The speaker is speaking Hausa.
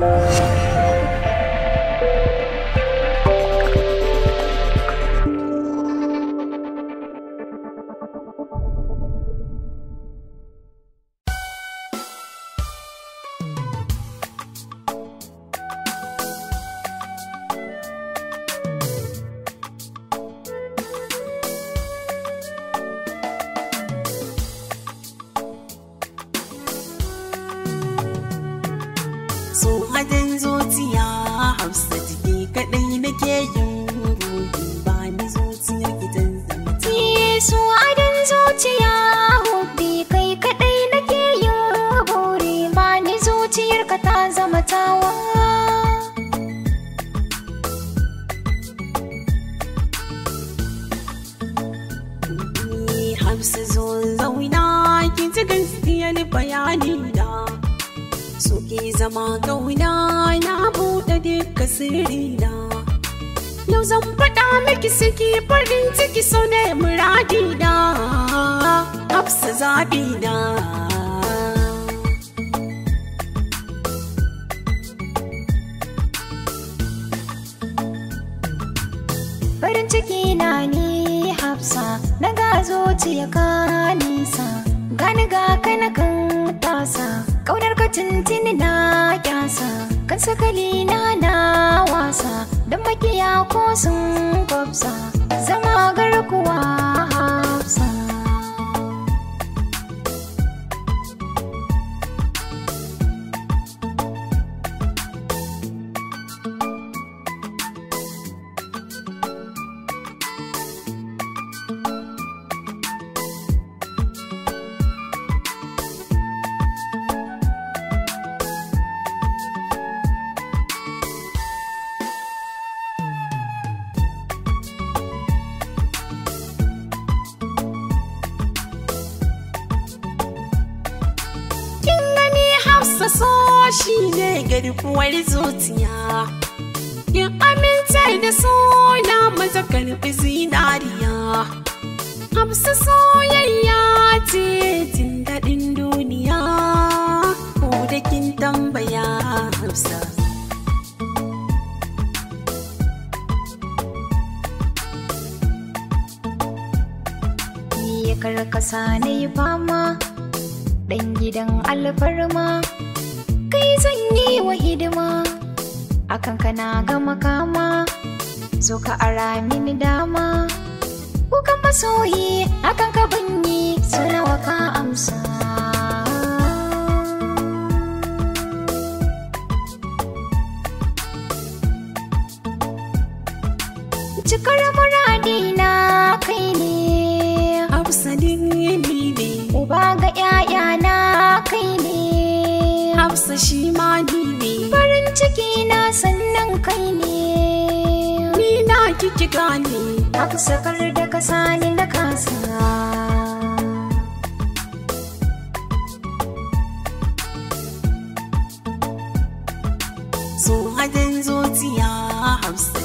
Thank you. so adan zuciya hausa jiki kaɗai nake yin rubi ba ni zuciya gidan zamta so adan zuciya hobi kai kaɗai nake yin buri ba ni zuciyar ka ta zama tawa Hafsa zo zauna ki ji gaskiya ni bayani Ki zama kauna na buɗe duka sirrina Yau zan faɗa miki siki farin ciki so ne muradina Hafsa zaɓina Farin ciki na ni Hafsa na ga zuciya ka nisa Gani ga kana kan tasa Ƙaunar ka tuntuni na kyasa kan sakali na na wasa don makiya ko sun kwafsa zama so shi ne garkuwar zuciya Kin aminta da so na maza karfi zinariya amsa soyayya ce jin daɗin duniya ko da kin tambaya amsa karkasa na yi fama ɗan gidan alfarma kai zan yi wa hidima akan kana ga makama zo ka ara mini dama kukan masoyi akan ka na wa ka amsa cikar muradi na kai ne A hausa ne uba ga 'ya'yana kai ne hafsa shi ma ni ne farin ciki na sannan kai ne ni na kiki gane haka sakar da kasa ni na kasa so hadin zuciya hafsa